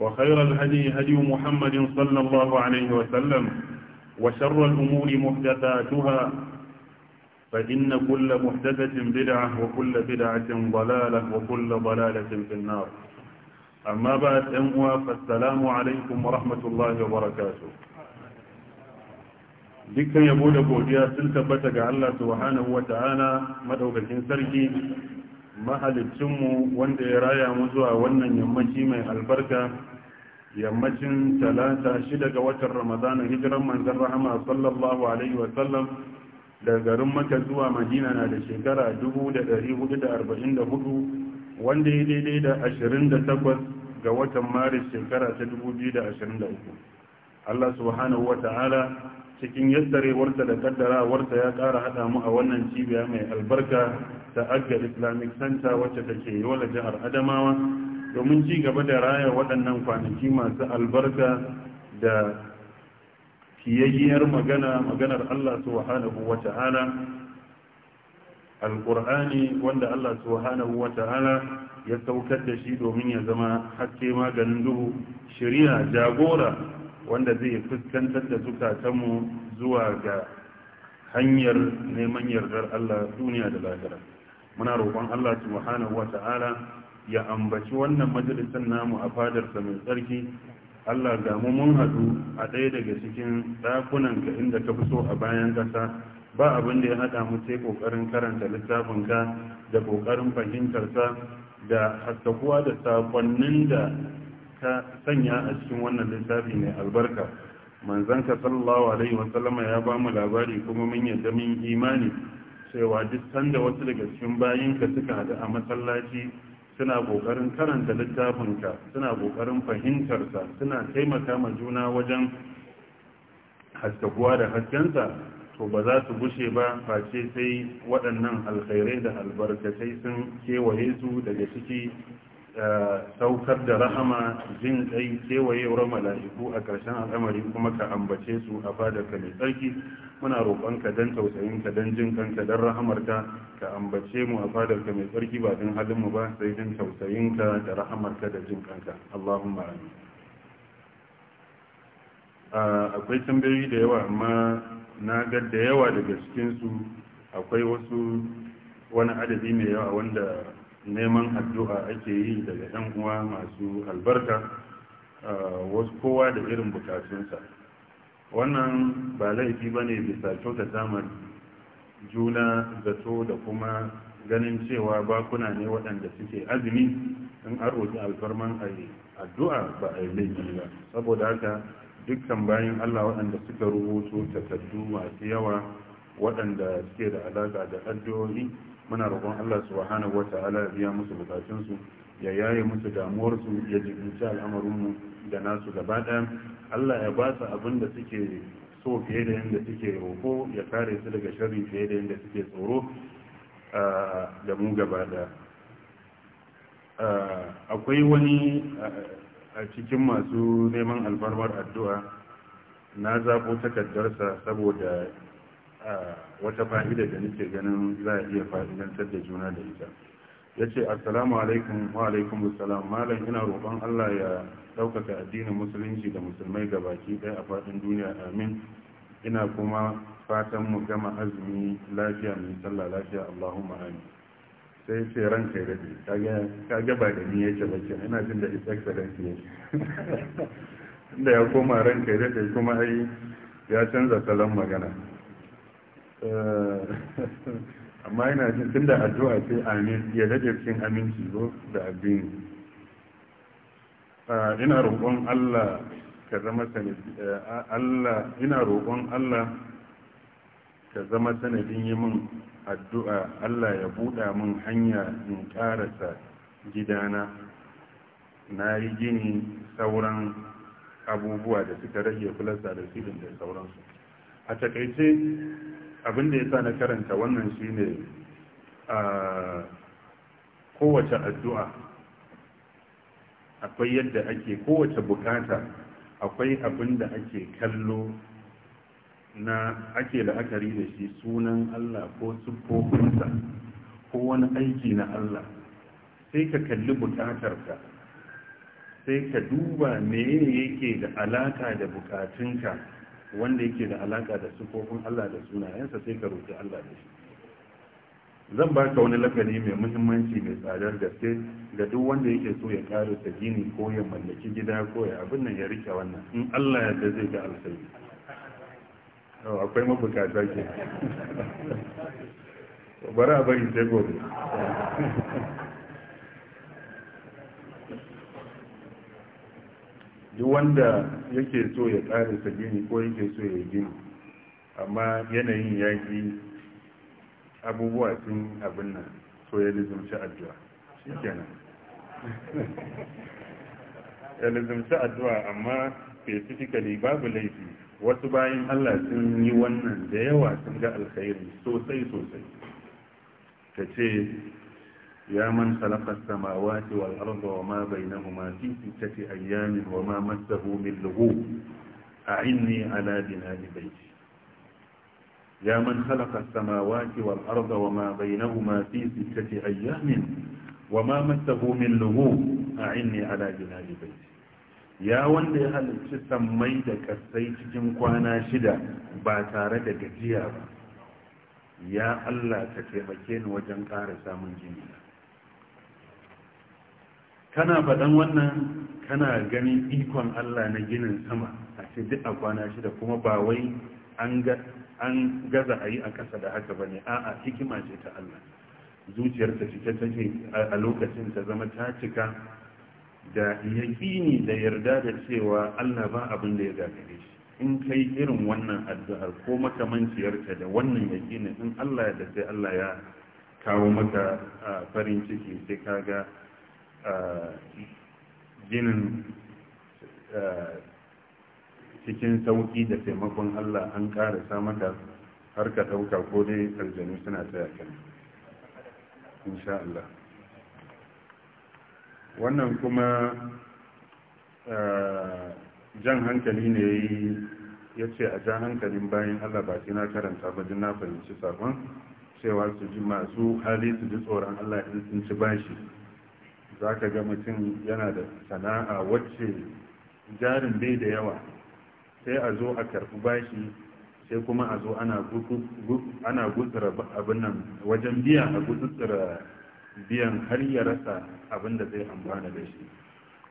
وخير الهدي هدي محمد صلى الله عليه وسلم وشر الأمور محدثاتها فإن كل محدثة بدعة وكل بدعة ضلالة وكل ضلالة في النار أما بعد أموا فالسلام عليكم ورحمة الله وبركاته dukkan yabo da godiya sun tabbata سبحانه وتعالى subhanahu wa mahalicinmu wanda ya raya mu zuwa wannan yammaci mai albarka yammacin talata shida ga watan ramadana hijiran manzan rahama sallallahu alaihi wasallam da garin maka zuwa madina na da shekara 1444 wanda ya daidai da 28 ga watan maris shekara ta 2023 Allah subhanahu wa ta'ala cikin yaddarewarsa da kaddarawarsa ya ƙara haɗa mu a wannan cibiya mai albarka ta agga islamic center wacce take yola jihar adamawa domin ci gaba da raya waɗannan kwanaki masu albarka da kiyayyiyar magana maganar Allah subhanahu wa ta'ala alƙur'ani wanda Allah subhanahu wa ta'ala ya saukar da shi domin ya zama haske maganin duhu shari'a jagora wanda zai fuskantar da zukatanmu zuwa ga hanyar neman yardar Allah duniya da lahira muna roƙon Allah subhanahu ta'ala ya ambaci wannan majalisar namu a fadarsa mai tsarki Allah ga mu mun haɗu a ɗaya daga cikin ɗakunanka ka inda ka fi so a bayan ƙasa ba abin da ya haɗa mu sai ƙoƙarin karanta littafinka da ƙoƙarin fahimtarsa da haskakuwa da sakonnin da ta sanya a cikin wannan littafi mai albarka manzanka sallallahu alaihi wasallama ya ba mu labari kuma mun yadda min imani cewa duk sanda wasu daga cikin bayinka suka haɗu a masallaci suna ƙoƙarin karanta littafin ka suna ƙoƙarin fahimtarsa suna taimaka ma juna wajen haskakuwa da haskensa to ba za su bushe ba face sai waɗannan alkhairai da albarkatai sun kewaye su daga ciki saukar da rahama jin kewaye wurin mala'iku a ƙarshen al'amari kuma ka ambace su a fadarka mai tsarki muna roƙonka don tausayinka don jin kanka don rahamarka ka ambace mu a fadarka mai tsarki ba don mu ba sai don tausayinka da rahamarka da jin kanka allahumma amin akwai tambayoyi da yawa amma na ga da yawa daga cikinsu akwai wasu wani adadi mai yawa wanda neman addu'a ake yi daga ‘yan uwa masu albarka wasu kowa da irin bukatunsa wannan ba laifi ba ne bisa kyauta damar juna zato da kuma ganin cewa bakuna ne waɗanda suke azumi in an roƙi alfarman a addu'a ba a yi laifi ba saboda haka dukkan bayan allah waɗanda suka rubutu takardu masu yawa waɗanda suke da alaƙa da addu'o'i muna roƙon Allah subhanahu wata'ala ya biya musu bukatunsu ya yaye musu damuwarsu ya jibinci al'amarinmu da nasu gaba ɗaya Allah ya ba su abin da suke so fiye da yadda suke roƙo ya kare su daga sharri fiye da yadda suke tsoro da mu gaba ɗaya akwai wani a cikin masu neman albarmar addu'a na zaɓo takardarsa saboda wata fa'ida da nake ganin za a iya fa'idantar da juna da ita ya ce assalamu alaikum wa alaikum assalam malam ina roƙon allah ya ɗaukaka addinin musulunci da musulmai ga baki ɗaya a faɗin duniya amin ina kuma fatan mu gama azumi lafiya mai sallah lafiya allahumma amin sai ce ran kai daɗe ka gaba da ni yake bakin ina jin da his excellency yake da ya koma kai da daɗe kuma ai ya canza salon magana Eh, amma yana cin tun da addu'a sai amin ya daɗe cikin aminci zo da abin. Ah, ina roƙon Allah ka zama eh, Allah ina roƙon Allah ka zama sanadin yi min addu'a Allah ya buɗa min hanya in ƙarasa gidana na yi gini sauran abubuwa da suka rage kulasa da silin da sauransu a takaice abin da ya sa na karanta wannan shine a kowace addu'a akwai yadda ake kowace bukata akwai abin da ake kallo na ake la'akari da shi sunan Allah ko siffofinsa ko wani aiki na Allah sai ka kalli bukatarka sai ka duba me yake da alaka da bukatunka wanda yake da alaka da sufofin Allah da sunayensa sai ka roƙi Allah da shi zan ba ka wani lakani mai muhimmanci mai tsadar gaske ga duk wanda yake so ya ƙara ta gini ko ya mallaki gida ko ya abin nan ya rike wannan in Allah ya zai ga alkhairi akwai mabukata ke bari a bari sai gobe duk wanda yake so ya ƙarisa gini ko yake so ya gini amma yanayin yi abubuwa sun abin nan so ya lizumci addu'a shi kenan ya lizumci addu'a amma specifically babu laifi wasu bayan allah sun yi wannan da yawa sun ga alkhairi sosai sosai ta ce يا من خلق السماوات والأرض وما بينهما في ستة أيام وما مسه من لغوب أعني على بناء بيتي يا من خلق السماوات والأرض وما بينهما في ستة أيام وما مسه من لغوب أعني على بناء بيتي يا wanda هل halarci sammai da شدا cikin kwana يا الله تتبكين da سامن ba kana faɗan wannan kana ganin ikon Allah na ginin sama a ce duk a kwana shida kuma ba wai an gaza a yi a ƙasa da haka ba ne a'a hikima ce ta Allah zuciyarta cike take a lokacin ta zama ta cika da yaƙini da yarda da cewa Allah ba abin da ya gagare shi in kai irin wannan addu'ar ko makamanciyarta da wannan yaƙinin in Allah da sai Allah ya kawo maka farin ciki sai kaga ginin eh, cikin sauƙi da taimakon Allah an ƙara ƙarasa mata har ka ɗauka ko dai aljanu suna tsaya kan insha Allah wannan kuma eh, jan hankali ne ya ce a jan hankalin bayan Allah ba na karanta ba na fahimci sabon cewa su ji masu hali su ji tsoron Allah in sun ci bashi za ka ga mutum yana da sana'a wacce jarin bai da yawa sai a zo a karɓi bashi sai kuma a zo ana gutsura abin nan wajen biya a gutsura biyan har ya rasa abin da zai amfana da shi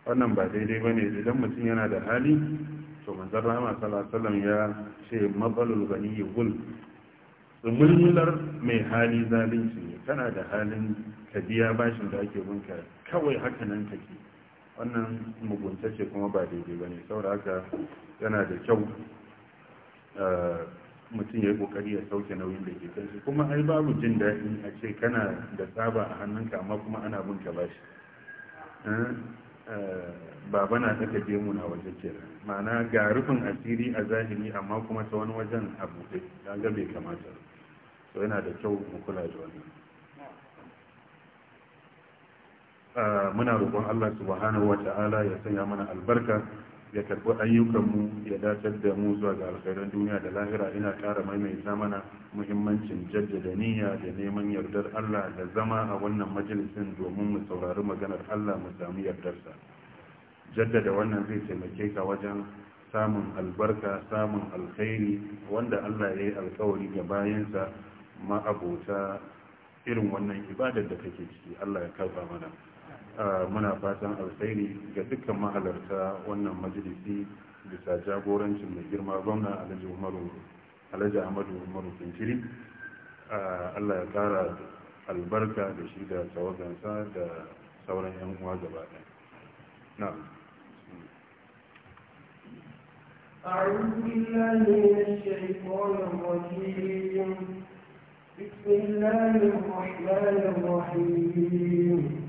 wannan ba daidai ba ne idan mutum yana da hali to manzan rama salasalam ya ce matsalul gani yi gul mulmular mai hali zalunci ne kana da halin ka biya bashin da ake binka kawai haka nan take wannan mugunta ce kuma ba daidai ba ne saboda haka yana da kyau eh, mutum ya yi kokari ya sauke nauyin da ke kai kuma ai babu jin daɗi a ce kana da tsaba a hannunka amma kuma ana binka bashi eh, eh, baba na daga mu na waje kenan ma'ana ga rufin asiri a zahiri amma kuma ta wani wajen a buɗe ga bai kamata so yana da kyau mu kula da wannan muna roƙon Allah subhanahu ta'ala ya sanya mana albarka ya karɓi ayyukanmu ya dace da mu zuwa ga alkhairan duniya da lahira ina ƙara maimaita mana muhimmancin jaddada niyya da neman yardar Allah da zama a wannan majalisin domin mu saurari maganar Allah mu samu yardarsa jaddada wannan zai taimake ka wajen samun albarka samun alkhairi wanda Allah ya yi alkawari ga bayansa ma'abota irin wannan ibadar da kake ciki Allah ya karba mana muna fatan alkhairi ga dukkan mahalarta wannan majalisi bisa jagorancin mai girma gwamna alhaji umaru alhaji ahmadu umaru kinkiri allah ya kara albarka da shi da tawagansa da sauran yan uwa gaba ɗaya na أعوذ بالله من الشيطان الرجيم بسم الله الرحمن الرحيم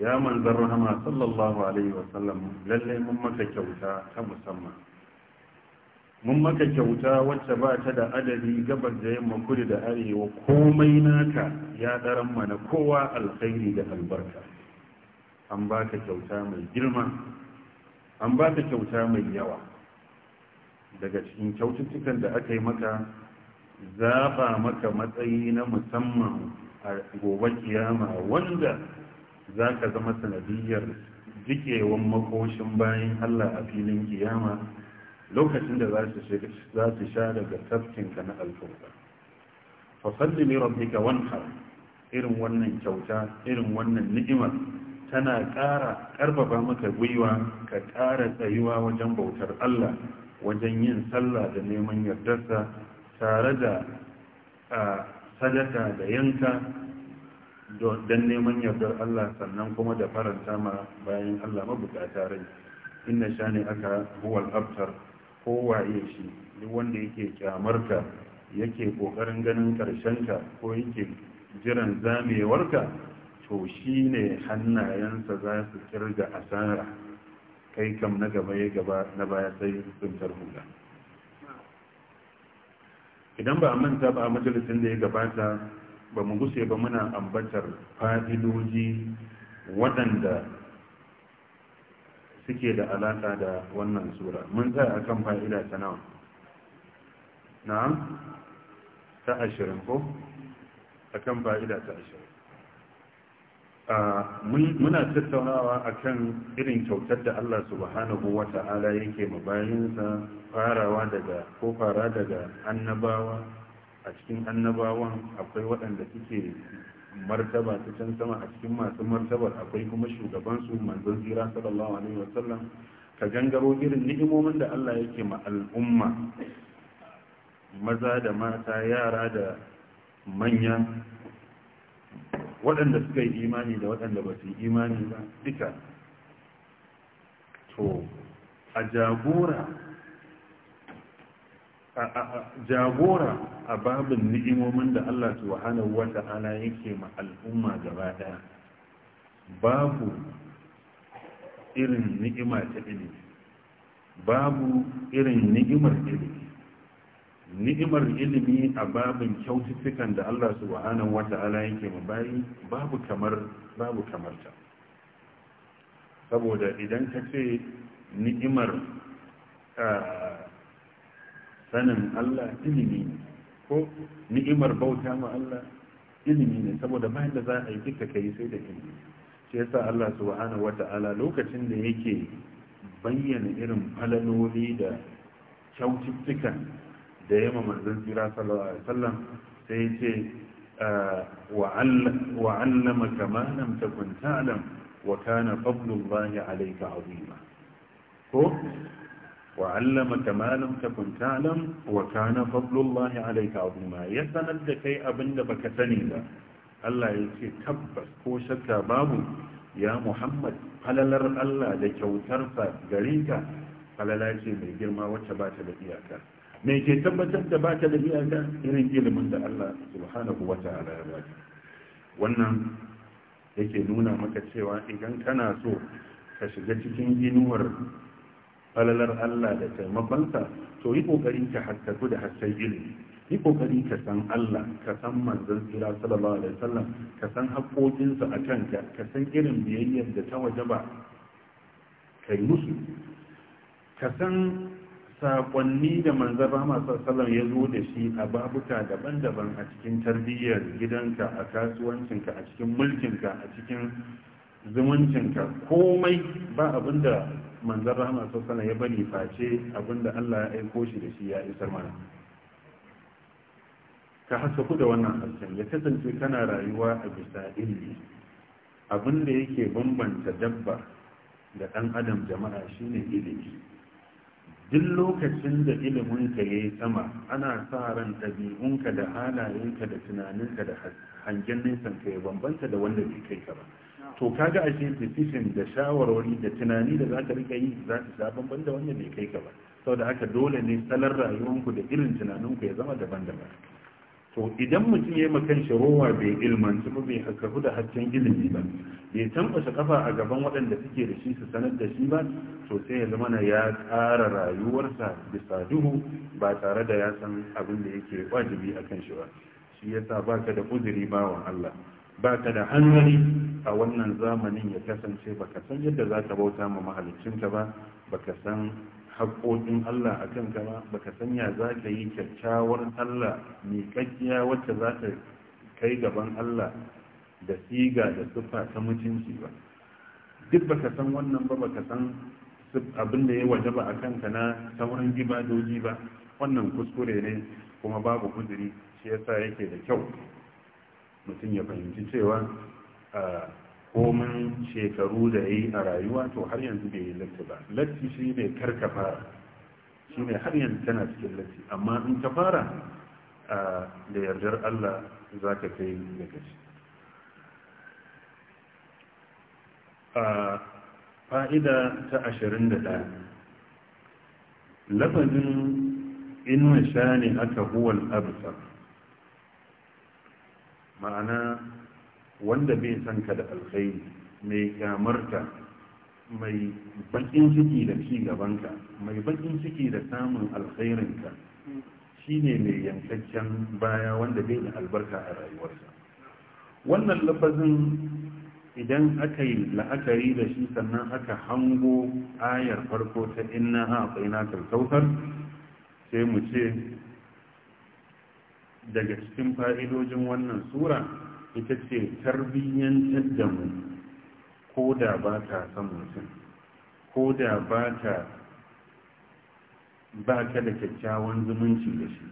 ya manzan rahama sallallahu alaihi wasallam lallai mun maka kyauta ta musamman mun maka kyauta wacce ba ta da adadi gabar da yamma kudu da arewa komai naka ya daren mana kowa alkhairi da albarka an ba ka kyauta mai girma an ba ka kyauta mai yawa daga cikin kyaututtukan da aka yi maka zaɓa maka matsayi na musamman a gobe kiyama wanda za ka zama sanadiyar jikewan makoshin bayan Allah a filin kiyama lokacin da za su sha daga tafkin ka na alfurka fasalli ne rabbika wanhar irin wannan kyauta irin wannan ni'imar tana ƙara ƙarfafa maka gwiwa ka ƙara tsayuwa wajen bautar Allah wajen yin sallah da neman yardarsa tare da sadaka da yanka don neman yardar Allah sannan kuma da faranta ma bayan Allah mabukata rai inna shani aka huwal abtar waye shi duk wanda yake kyamarka yake kokarin ganin karshenka ko yake jiran zamewarka to shi ne hannayensa za su kirga asara kai kam na gaba ya gaba na baya sai tsintar hula idan ba a manta ba a majalisin da ya gabata ba mu guse ba muna ambatar fa'idoji waɗanda suke da alaƙa da wannan sura mun tsaya akan fa'ida ta nawa na'am ta ashirin ko akan fa'ida ta ashirin muna tattaunawa a kan irin kyautar da Allah subhanahu wa ta'ala yake mabayinsa farawa daga ko fara daga annabawa a cikin annabawan akwai waɗanda suke martaba ta can sama a cikin masu martabar akwai kuma shugabansu manzon zira sallallahu alaihi wasallam ka gangaro irin ni'imomin da Allah yake ma al'umma maza da mata yara da manya waɗanda suka yi imani da waɗanda ba su yi imani ba duka to a jagora jagora a babin ni'imomin da Allah subhanahu ta'ala yake ma al'umma gaba daya babu irin ni'ima ta ilimi babu irin ni'imar ilimi ni'imar ilimi a babin kyaututtukan da Allah subhanahu ta'ala yake ma bayi babu kamar babu kamar ta saboda idan ka ce ni'imar ah, sanin Allah ilimi ne ko ni'imar bauta ma Allah ilimi ne saboda bayan da za a yi duka kai sai da ilimi shi yasa Allah subhanahu wata'ala lokacin da yake bayyana irin falaloli da kyaututtukan da yamma manzon jira sallallahu alaihi wasallam sai yace ah, wa 'allamaka kama lam takun ta'lam wa kana fadlullahi alayka 'azima ko وعلمك ما لم تكن تعلم fablullahi alaika abu ma Ya sanar da kai abinda baka sani ba Allah ce tabbas ko shakka babu ya Muhammad falalar Allah da kyautarsa gare ka falala ce mai girma wacce ba ta da iyaka me ke tabbatar da ba ta da iyaka irin ilimin da Allah subhanahu wa ta'ala ya baka wannan yake nuna maka cewa idan kana so ka shiga cikin inuwar falalar Allah da taimakonsa to yi kokarin ka hattatu da hassan ilimi yi kokarin ka san Allah ka san manzon tsira sallallahu alaihi wasallam ka san haƙoƙinsa a kanka ka san irin biyayyar da ta wajaba ka yi musu ka san sakonni da manzon rahama sallallahu ya zo da shi a babuka daban-daban a cikin tarbiyyar gidanka a kasuwancinka a cikin mulkinka a cikin zumuncinka komai ba abin da manzan rahama sassana ya bari face abinda Allah ya aiko shi da shi ya isar mana ka ku da wannan hasken ya kasance kana rayuwa a bisa ilmi abinda yake bambanta dabba da ɗan adam jama'a shine ilimi duk lokacin da iliminka ya yi sama ana sa ran ɗabi'unka da halayenka da tunaninka da hangen ka ya bambanta da wanda bai kai ka ba to kaga ashe decision da shawarwari da tunani da zaka rika yi za ta sha bamban da wanda bai kai ka ba saboda haka dole ne salar rayuwanku da irin tunaninku ya zama daban-daban to idan mutum ya makan shi rowa bai su ba bai hakafu da hasken ilimi ba bai tambasa kafa a gaban waɗanda suke da shi su sanar da shi ba to sai ya zama ya tsara rayuwarsa bisa duhu ba tare da ya san abin da yake wajibi a kan shi ba shi yasa baka da uzuri wa Allah ba ta da hanyoyi a wannan zamanin ya kasance baka san yadda za ka bauta ma mahalicinka ba baka san haƙoƙin Allah a kanka ba baka san ya za ka yi kyakkyawar Allah miƙaƙƙiya wacce za ta kai gaban Allah da siga da siffa ta mutunci ba duk baka san wannan ba baka san abin da ya waje ba a kanka na sauran gibadoji ba wannan kuskure ne kuma babu kuzuri shi yasa yake da kyau mutum ya fahimci cewa a komin shekaru da ya yi a rayuwa to har yanzu bai yi latti ba latti shi ne karka fara shi ne har yanzu tana cikin latti amma in ka fara da yardar allah za ka kai da gashi fa'ida ta ashirin da ɗaya lafazin in ne aka huwal abisar ma'ana wanda bai san ka da alkhairi mai kyamarka mai bakin ciki da ci gabanka mai bakin ciki da samun alkhairinka shine mai yankaccen baya wanda bai da albarka a rayuwarsa wannan lafazin idan aka yi la'akari da shi sannan aka hango ayar farko ta inna a tsaina kalkautar sai mu ce daga cikin fa'idojin wannan sura ita ce tarbiyyantar da mu ko da ba ta san mutum ko da ba ta ka da kyakkyawan zumunci da shi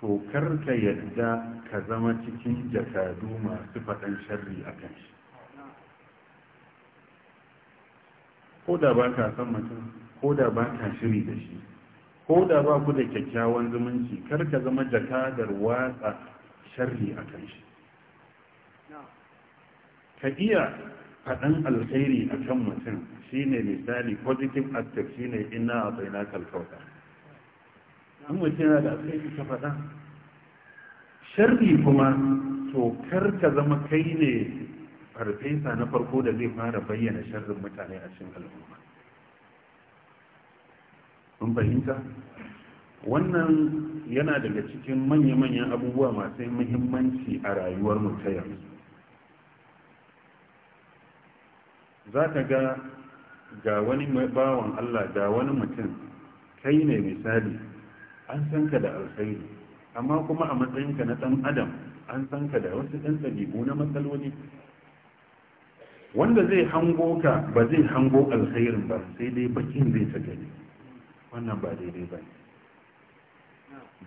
to karka yadda ka zama cikin jakadu masu faɗan sharri a kan shi ko da ba ka san mutum ko da ba ka shiri da shi ko da ba ku da kyakkyawan zumunci kar ka zama jakadar watsa sharri a kan shi ka iya faɗan alkhairi a kan mutum shine misali positive active ne ina a baina kalkauta an mutum yana da alkhairi ka faɗa sharri kuma to kar ka zama kai ne farfesa na farko da zai fara bayyana sharrin mutane a cikin al'umma kun fahimta wannan yana daga cikin manya-manyan abubuwa masu muhimmanci a rayuwar mu ta yanzu za ka ga ga wani bawan allah ga wani mutum kai ne misali an san ka da alkhairi amma kuma a matsayinka na ɗan adam an san ka da wasu ɗan ɗabi'u na matsaloli wanda zai hango ka ba zai hango alkhairin ba sai dai bakin zai ta gani wannan ba daidai ba ne.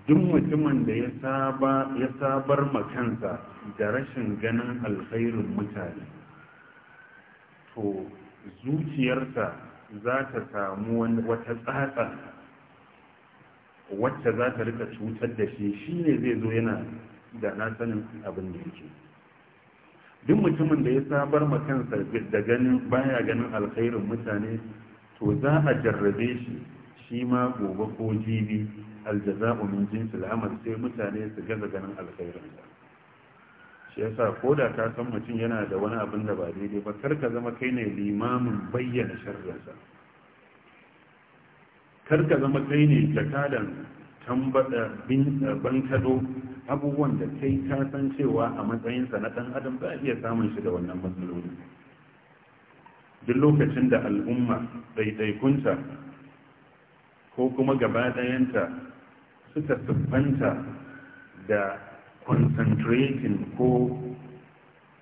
duk mutumin da ya sabar kansa da rashin ganin alkhairin mutane to zuciyarsa za ta samu wata tsatsa wacce za ta rika cutar da shi shi ne zai zo yana da na sanin abin da yake duk mutumin da ya sabar makansa da ganin baya ganin alkhairin mutane to za a jarrabe shi shi ma gobe ko jibi aljaza min jinsil amal sai mutane su gaza ganin alkhairin sa shi yasa ko da ka san mutum yana da wani abin da ba daidai ba kar ka zama kai ne limamin bayyana sharrin kar ka zama kai ne jakadan tambada bin bankado abubuwan da kai ka san cewa a matsayinsa na dan adam ba iya samun shi da wannan matsaloli duk lokacin da al'umma daidaikunta. ko kuma gaba ɗayanta suka siffanta da concentrating ko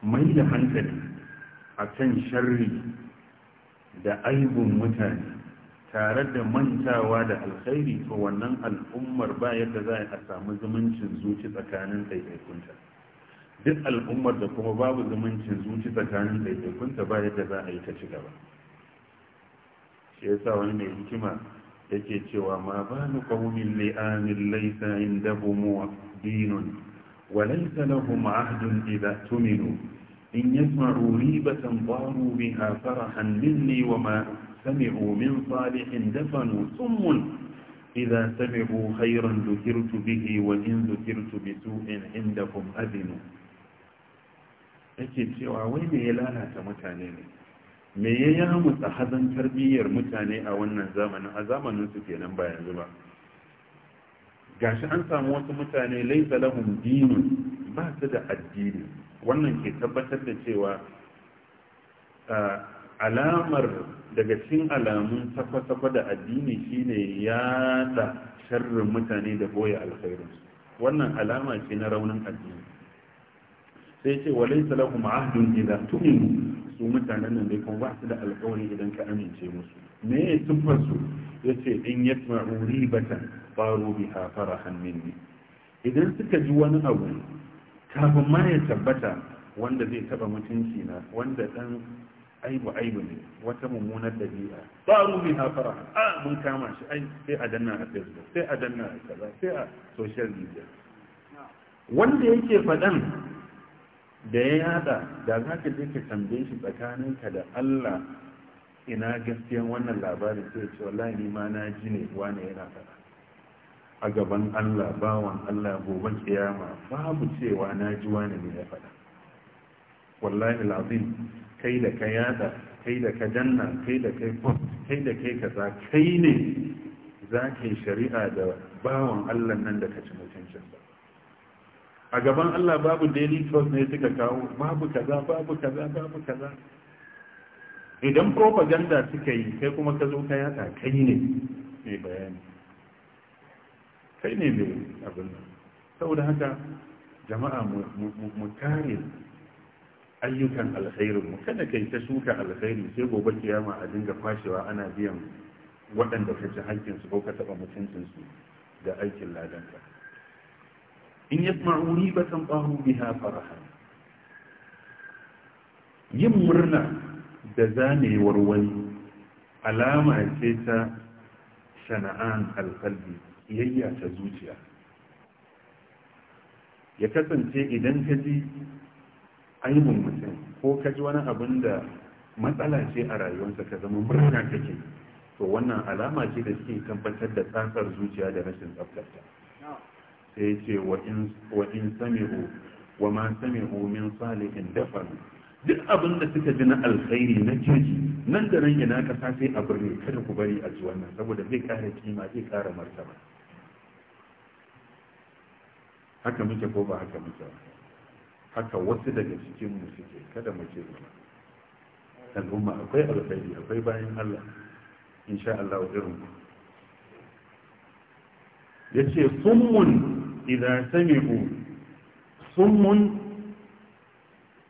mai da hankali a kan sharri da aibun mutane tare da mantawa da alkhairi ko wannan al'ummar ba yadda za a samu zumuncin zuci tsakanin ɗaiɗaikunta duk al'ummar da kuma babu zumuncin zuci tsakanin ɗaiɗaikunta ba yadda za a yi ta ci gaba shi yasa wani mai hikima yake cewa ma balu qaumin li'amin laysa indahum dinun wa laysa lahum 'ahdun idha tuminu in yasma'u ribatan daru biha farahan minni wa ma سمعوا من صالح دفنوا صم إذا سمعوا خيرا ذكرت به وإن ذكرت بسوء عندكم أذنوا أكيد سوى وين يلانا تمتعني me ya yi mu hazan tarbiyyar mutane a wannan zamanin a zamanin su kenan ba yanzu ba gashi an samu wasu mutane laisa lahum dinun ba su da addini wannan ke tabbatar da cewa alamar daga cikin alamun tafa-tafa da addini shine da sharrin mutane da boye alkhairinsu wannan alama ce na raunin addini sai ce wa laysa lahum ahdun idza tu'minu su mutanen nan dai kuma ba su da alƙawari idan ka amince musu me ya tuffar su yace in yasma'u ribatan faru biha farahan minni idan suka ji wani abu kafin ma ya tabbata wanda zai taba mutunci na wanda dan aibu aibu ne wata mummunar dabi'a faru biha farahan a ah, mun kama shi ai sai a danna a facebook sai a danna a kaza sai a social media wanda yake faɗan da ya yada da za ka je ka tambaye shi tsakaninka da Allah ina gaskiyan wannan labarin sai ce wallahi ni ma na ji ne wani yana faɗa a gaban Allah bawan Allah gobe kiyama babu cewa na ji wani ne ya faɗa wallahi lazim kai da ka yada kai da ka danna kai da kai kai da kai kaza kai ne za ka shari'a da bawan Allah nan da ka ci mutuncin ba a gaban Allah babu daily trust ne suka kawo babu kaza babu kaza babu kaza idan propaganda suka yi kai kuma ka zo ka yada kai ne mai bayani kai ne mai abin nan saboda haka jama'a mu kare ayyukan alkhairin mu kada kai ta shuka alkhairi sai gobe kiyama a dinga kwashewa ana biyan waɗanda ka ci hakkin ko ka taɓa mutuncin su da aikin ladanka in yasma'u ribatan qahu biha faraha yin murna da zanewar wani alama ce ta shana'an alƙalbi yayya ta zuciya ya kasance idan ka ji aibin mutum ko ka ji wani abin da matsala ce a rayuwarsa ka zama murna kake to wannan alama ce da suke tabbatar da tsatsar zuciya da rashin tsaftarta sai ya ce wa in sami'u wa ma sami'u min salihin dafaru duk abin da suka ji na alkhairi na kirki nan da nan ina kasa sai a birni kada ku bari a ji wannan saboda zai kara kima zai kara martaba haka muke ko ba haka muke haka wasu daga cikin mu suke kada mu ce al'umma akwai alkhairi akwai bayan Allah insha Allah irin ku yace summun idza sami'u summun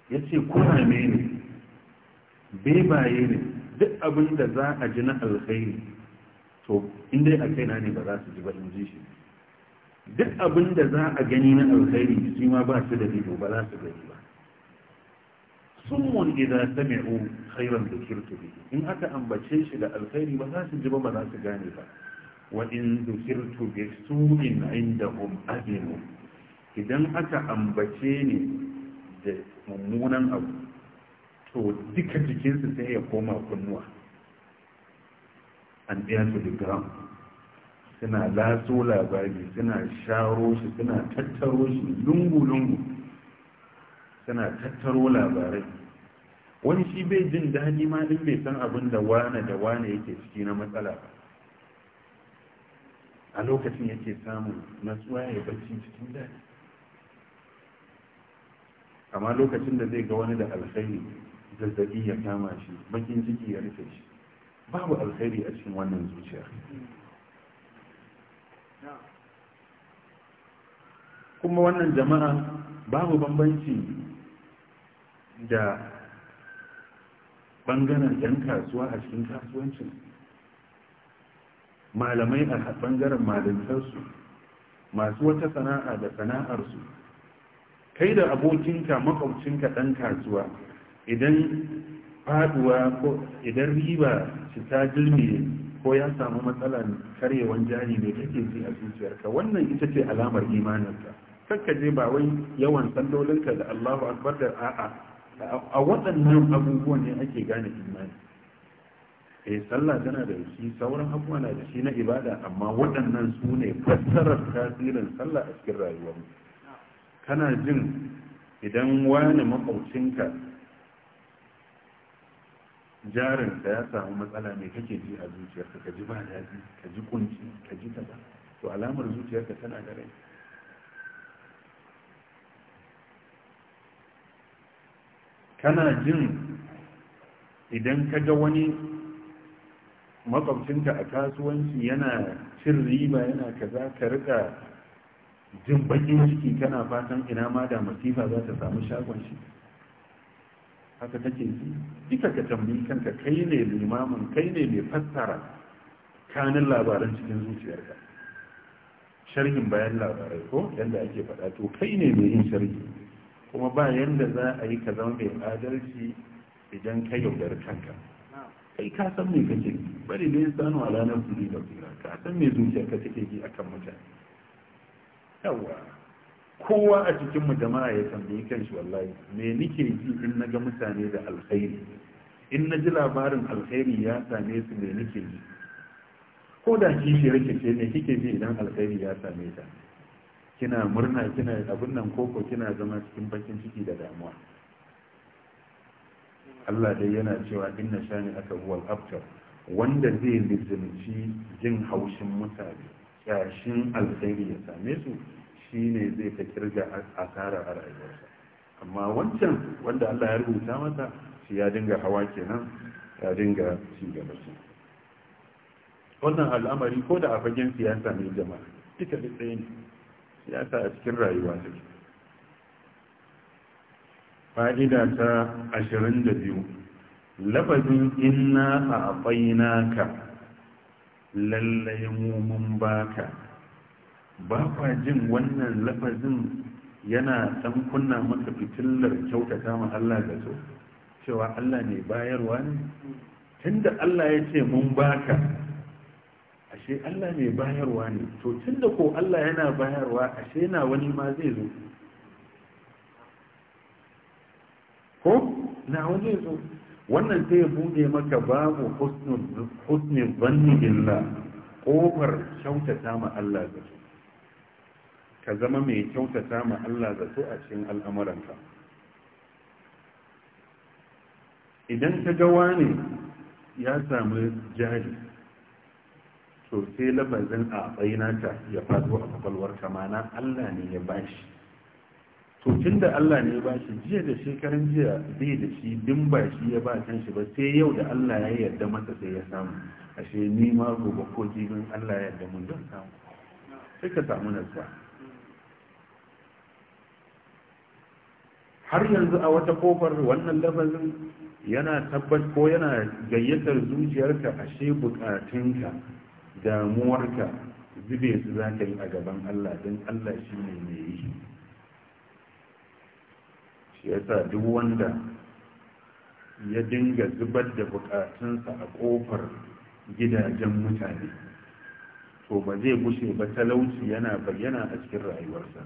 yace kurame ne bebaye ne duk abin da za a ji na alkhairi to in dai a kaina ne ba za su ji ba in ji shi duk abin da za a gani na alkhairi shi ma ba su da ido ba za su gani ba summun idza sami'u khairan dhikirtu bihi in aka ambace shi da alkhairi ba za su ji ba ba za su gane ba وإن ذكرت بسوء idan aka ambace أتى da ممونا abu, to duka jikinsu sai ya koma kunnuwa an biya su da suna laso labari suna sharo shi suna tattaro shi lungu-lungu suna tattaro labarai wani shi bai jin daɗi ma in bai san abin da wane da wane yake ciki na matsala ba a lokacin yake samun natsuwa ya bacci cikin daji amma lokacin da zai ga wani da alkhairi zazzabi ya kama shi bakin ciki ya rufe shi babu alkhairi a cikin wannan zuciya kuma wannan jama'a babu bambanci da ɓangaren 'yan kasuwa a cikin kasuwancin malamai a ɓangaren malintarsu masu wata sana'a da sana'arsu kai da abokinka makwabcinka ɗan kasuwa idan faduwa ko idan riba shi ta girme ko ya samu matsalar karyewan jari ne kake ji a zuciyarka wannan ita ce alamar imaninka kakka je ba wai yawan sandolinka da Allahu akbar da a'a a waɗannan abubuwan ne ake gane imani eh sallah tana da shi sauran abubuwa na da shi na ibada amma waɗannan su ne fassarar tasirin sallah a cikin rayuwar kana jin idan wani jarin jarinka ya samu matsala mai kake ji a zuciyarka ka ji ba daɗi ka ji kunci ka ji kaza to alamar zuciyarka tana da rai kana jin idan ka ga wani makwabcinka a kasuwanci yana cin riba yana kaza ka rika jin bakin ciki kana fatan ina ma da masifa za ta samu shagon shi haka take ji duka ka tambayi kanka kai ne limamin kai ne mai fassara kanin labaran cikin zuciyarka sharhin bayan labarai ko yadda ake faɗa to kai ne mai yin sharhi kuma ba yadda za a yi ka zama mai adalci idan ka yaudar kanka kai ka san me kake bari ne sanu ala nafsi da basira ka san me ka take ji akan mutane yawa kowa a cikin mu jama'a ya tambayi kanshi wallahi me nake ji in naga mutane da alkhairi in na ji labarin alkhairi ya same su me nake ji ko da kishi rike ce ne kike ji idan alkhairi ya same ta kina murna kina abin nan koko kina zama cikin bakin ciki da damuwa Allah dai yana cewa inna shani aka huwal abtar wanda zai lizimci jin haushin mutane kyashin alkhairi ya same su shine zai ta kirga asara a rayuwarsa amma wancan wanda Allah ya rubuta masa shi ya dinga hawa kenan ya dinga ci gaba su wannan al'amari ko da a fagen siyasa ne jama'a duka da tsaye ne siyasa a cikin rayuwa take fa'ida ta 22 labazin inna a afaina ka lallai mumun baka ba kwa jin wannan lafazin yana dan kunna maka fitillar kyautata ma Allah da so cewa Allah ne bayarwa ne tunda Allah ya ce mun baka ashe Allah ne bayarwa ne to tunda ko Allah yana bayarwa ashe na wani ma zai zo ko na waje zo wannan sai ya bude maka babu husnul banni billah kofar kyautata ma Allah su. ka zama mai kyautata ma Allah su a cikin al'amuranka idan ka ga wani ya samu jari to sai a bayinata ya faɗo a kwakwalwar mana Allah ne ya bashi to tun da Allah ne ba shi jiya da shekarun jiya bai da shi din ba shi ya ba can shi ba sai yau da Allah ya yarda masa sai ya samu ashe ni ma gobe ko jibin Allah ya yarda mun don samu sai ka samu nasuwa har yanzu a wata kofar wannan lafazin yana tabbat ko yana gayyatar zuciyarka ashe bukatunka damuwarka zube su za ka yi a gaban Allah don Allah shi ne mai yi shi yasa duk wanda ya dinga zubar da bukatunsa a kofar gidajen mutane to ba zai gushe ba talauci yana bayyana a cikin rayuwarsa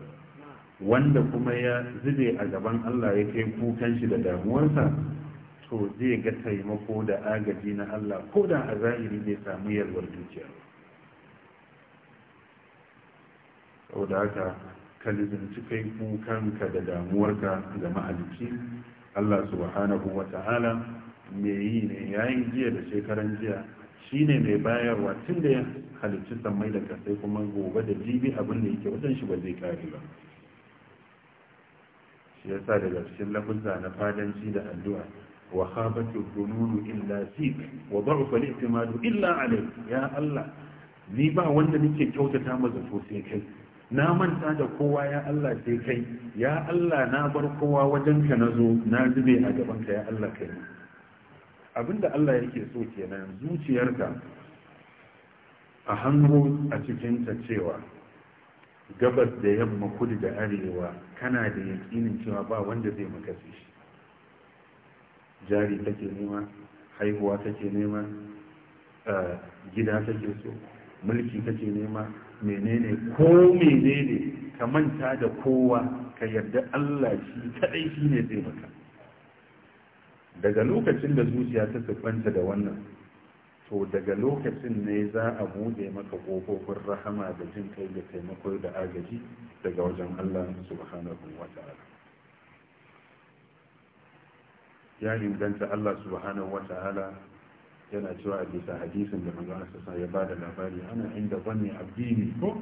wanda kuma ya zube a gaban Allah ya kai kukan shi da damuwarsa to zai ga taimako da agaji na Allah ko da a zahiri zai samu yalwar zuciya saboda haka ka lizinci kai kanka da damuwarka ga ma'aliki Allah subhanahu wa ta'ala mai yi ne yayin jiya da shekaran jiya shine mai bayarwa tun da ya halicci sammai da kasai kuma gobe da jibi abin da yake wajen shi ba zai kare ba shi yasa daga cikin lafuzza na fadanci da addu'a wa khabatu dununu illa sik wa dha'fa al-i'timadu illa alayk ya Allah ni ba wanda nake kyautata mazato sai kai na manta da kowa ya Allah sai kai ya Allah na bar kowa wajen ka na zo na zube a gabanka ya Allah kai abinda Allah yake so kenan zuciyarka a hango a cikinta cewa gabas da yamma kudu da arewa kana da yakinin cewa ba wanda zai maka shi jari take nema haihuwa take nema eh, gida take so mulki kake nema menene ko menene ka manta da kowa ka yarda Allah shi kadai shi ne zai maka daga lokacin da zuciya ta siffanta da wannan to daga lokacin ne za a buɗe maka ƙofofin rahama da jin kai da taimako da agaji daga wajen Allah subhanahu wa ta'ala ya inganta Allah subhanahu wa ta'ala yana cewa a bisa hadisin da manzon Allah ya bada labari ana inda zanni abdini ko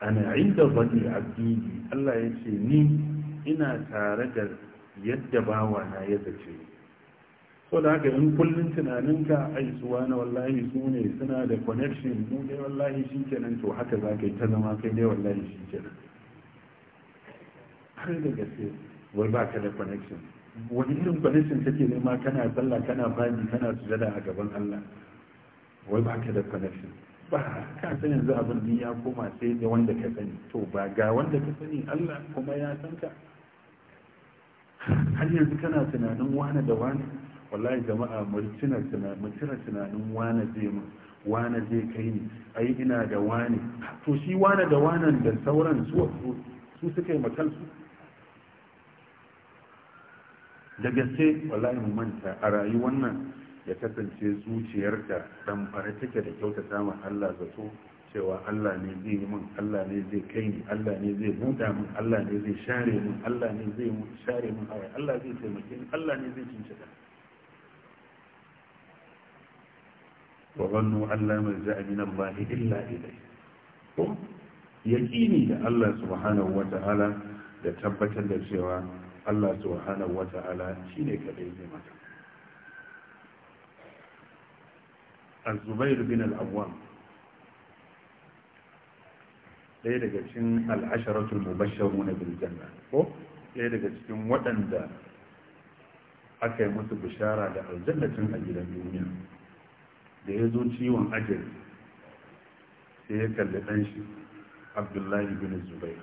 ana inda zanni abdini Allah ya ce ni ina tare da yadda bawa na ya zace ko da haka in kullun tunaninka ai suwa na wallahi su ne suna da connection mu dai wallahi shi kenan to haka za ka yi ta zama kai dai wallahi shikenan har da gaske wai ba ka da connection wani irin punishment take nema kana sallah kana bani kana sujada a gaban Allah wai ba ka da punishment ba ka san yanzu abin ni ya koma sai da wanda ka sani to ba ga wanda ka sani Allah kuma ya san ka har yanzu kana tunanin wane da wane wallahi jama'a mu tuna tunanin wane zai mu wane zai kai ni ai ina da wane to shi wane da wanan da sauran su su suka yi makansu da gaske wallahi mu manta a rayuwar nan ya kasance ka dan fara take da kyautata ma Allah zato cewa Allah ne zai yi min Allah ne zai kai ni Allah ne zai buɗa min Allah ne zai share min Allah ne zai share min hawaye Allah zai taimake ni Allah ne zai cince ka wa zannu Allah man za'a min Allah illa ilayhi yaqini da Allah subhanahu wa ta'ala da tabbatar da cewa Allah subhanahu shi shine kadai zai mata az Zubairu bin al ɗaya daga cikin alasharatul asharatul mubashsharuna bil ko ɗaya daga cikin waɗanda aka yi musu bishara da aljannatin a gidan duniya da ya zo ciwon ajali sai ya kalli ɗan shi abdullahi bin zubair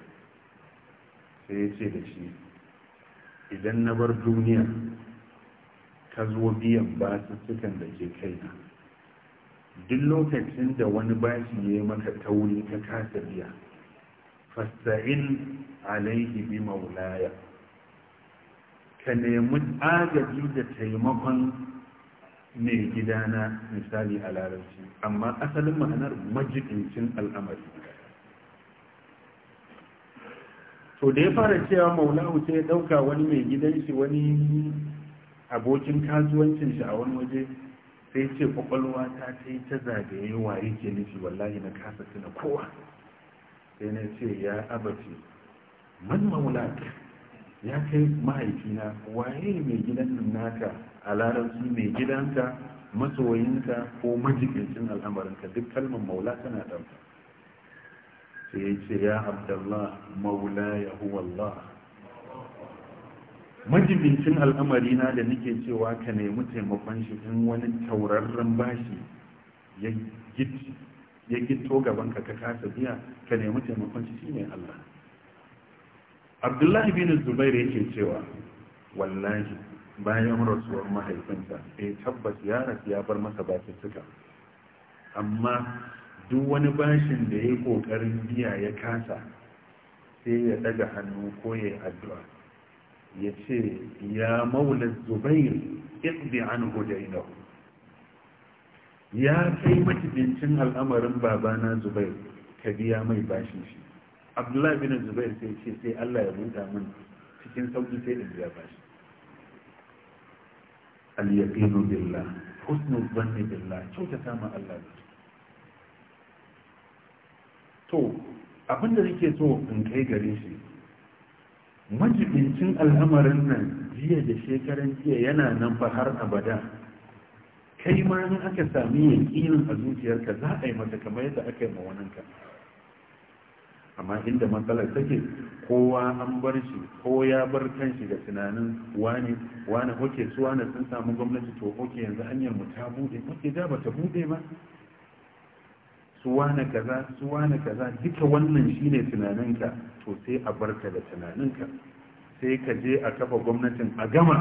sai ya ce da shi idan na bar duniya ka zo biyan basussukan da ke kaina duk lokacin da wani bashi ya yi maka tauri ka kasa biya fasta'in alaihi bi maulaya ka nemi agaji da taimakon mai gidana misali a larabci amma asalin ma'anar majiɗincin al'amari to da ya fara cewa maulahu sai ya dauka wani mai gidan shi wani abokin kasuwancin shi a wani waje sai ce kwakwalwa ta ta yi ta zagaye waye ke nufi wallahi na kasa tuna kowa sai na ce ya abace man maulak ya kai mahaifina waye mai gidan naka a larabci mai gidanka masoyinka ko majibincin al'amarinka duk kalmar maula tana ɗauka sai ya ce ya abdallah maula ya Allah majibincin al'amari da nake cewa ka nemi taimakon shi in wani taurarren bashi ya gito gaban ka ka kasa biya ka nemi taimakon shi shine Allah abdullahi bin zubair yake cewa wallahi bayan rasuwar mahaifinta, eh tabbas ya rasu ya bar masa suka amma duk wani bashin da ya yi ƙoƙarin biya ya kasa sai ya daga hannu ko ya yi addu'a ya ce ya maula zubair iqdi an hudainahu ya kai matibincin al'amarin babana zubair ka biya mai bashin shi abdullahi bin zubair sai ce sai allah ya buɗa min cikin sauƙi sai in biya bashi al-yaqinu billah husnul zanni billah kyautata ma allah to abin da nake so in kai gare shi majibincin al'amarin nan jiya da shekaran jiya yana nan ba har abada kai ma in aka sami yankinin a zuciyarka za a yi mata kamar yadda aka yi ma amma inda matsalar take kowa an bar shi ko ya bar kanshi da tunanin wani wani hoke su wani sun samu gwamnati to hoke yanzu hanyar mu ta bude hoke da ba ta bude ba su kaza su kaza duka wannan shine tunaninka to sai a barka da tunaninka sai ka je a kafa gwamnatin a gama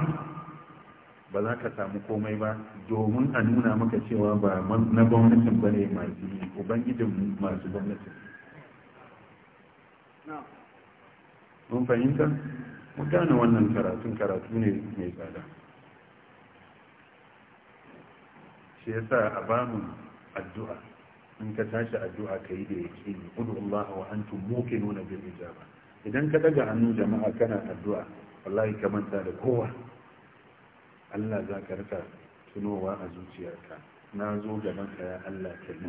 ba za ka samu komai ba domin a nuna maka cewa ba na gwamnatin ba ne masu yi ubangijin masu gwamnatin mun fahimta mu gane wannan karatun karatu ne mai tsada shi yasa a bamu addu'a in ka tashi addu'a ka yi da yaqini udu Allah wa antum nuna bil ijaba idan ka daga hannu jama'a kana addu'a wallahi ka manta da kowa Allah za ka rika tunowa a zuciyarka na zo gaban ka ya Allah ka yi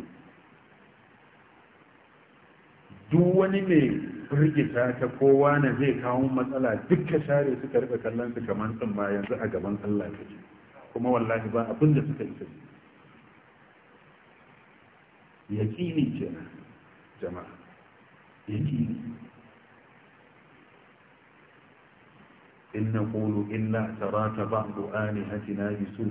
duk wani mai firgita ta kowa na zai kawo matsala duk ka share suka rika kallon su kamar tsin yanzu a gaban Allah kake kuma wallahi ba abin da suka isa يكيني جماعة جماعة يكيني إن نقول إلا تراك بعض آلهتنا بسوء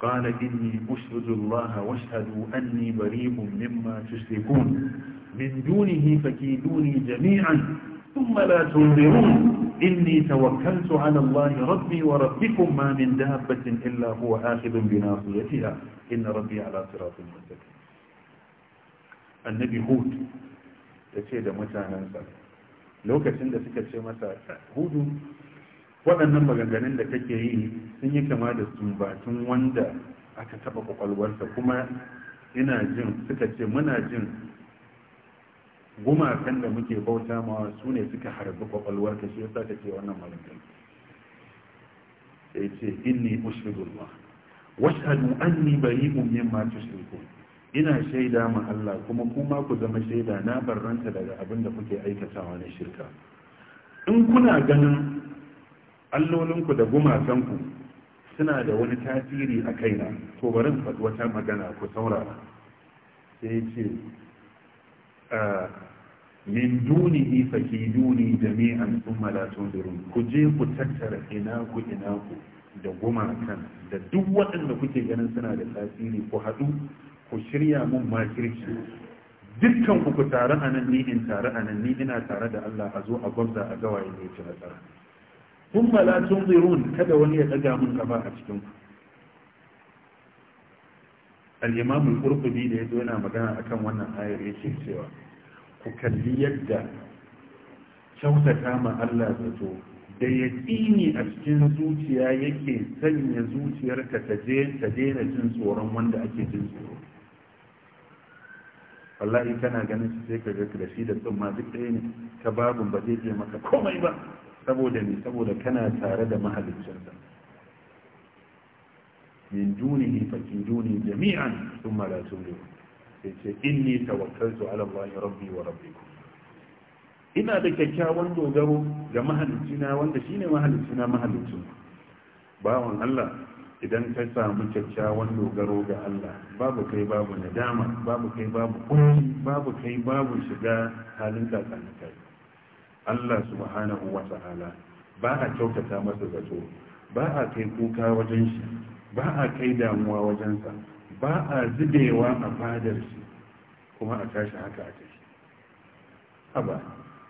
قال إني أشهد الله واشهدوا أني بريء مما تشركون من دونه فكيدوني جميعا ثم لا تنظرون إني توكلت على الله ربي وربكم ما من دابة إلا هو آخذ بناصيتها إن ربي على صراط مستقيم annabi hud ya ce da mutanensa lokacin da suka ce masa hudu waɗannan maganganun da kake yi sun yi kama da sumbatun wanda aka taɓa kwakwalwarsa kuma ina jin suka ce muna jin gumakan da muke bauta ma su ne suka harbi kwakwalwarka shi yasa ta ce wannan maganganun ya ce inni ushridullah washhadu anni bari'un mimma tushrikun ina shaida ma Allah kuma kuma ku zama shaida na barranta daga abin da kuke aikatawa na shirka in kuna ganin allolinku da gumakanku suna da wani tasiri a kaina to bari faɗi wata magana ku saurara sai ce min duni ifa ki duni jami'an sun malatun durin ku je ku tattara ina ku ina ku da gumakan da duk waɗanda kuke ganin suna da tasiri ku haɗu ku shirya mun makirci dukkan ku ku tare a nan ni in tare a nan ni ina tare da Allah a zo a gwabza a gawaye ne ci nasara kun la tunzirun kada wani ya daga mun gaba a cikin ku al-imam al-qurtubi da yazo yana magana akan wannan ayar yake cewa ku kalli yadda kyautata ma Allah zato da yaƙini a cikin zuciya yake sanya zuciyarka ta daina jin tsoron wanda ake jin tsoro wallahi kana ganin su sai ka ga shi da tsumma duk ɗaya ne ta babun ba zai iya maka komai ba saboda ne saboda kana tare da mahaliccinsa min dunihi fa kin duni jami'an thumma la tuliru sai ce inni tawakkaltu ala allahi rabbi wa rabbikum ina da kyakkyawan dogaro ga mahalicina wanda shine mahalicina mahalicin bawan Allah idan ka samu kyakkyawan dogaro ga Allah babu kai babu nadama babu kai babu kunci babu kai babu shiga halin tsakanin kai Allah subhanahu wa ta'ala ba a kyautata masa zato ba a kai kuka wajen shi ba a kai damuwa wajensa ba a zubewa a fadar shi kuma a tashi haka a tashi haba